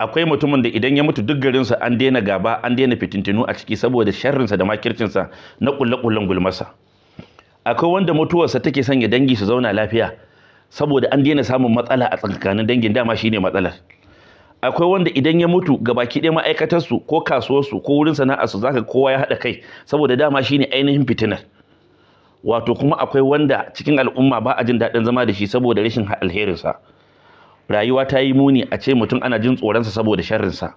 akwai mutumin da idan ya mutu duk garinsa an daina gaba an daina fitintinu a ciki saboda sharrinsa da makircinsa na kulle-kullen gulmasa akwai wanda mutuwarsa take sanya dangi su zauna lafiya saboda an daina samun matsala a tsakanin dangin dama shine matsalar akwai wanda idan ya mutu baki ɗaya su ko kasuwarsu ko wurin sana'arsu zaka kowa ya haɗa kai saboda dama shine ainihin fitinar wato kuma akwai wanda cikin al'umma ba a jin daɗin zama da shi saboda rashin alherinsa rayuwa ta yi muni a ce mutum ana jin tsoronsa saboda sharrinsa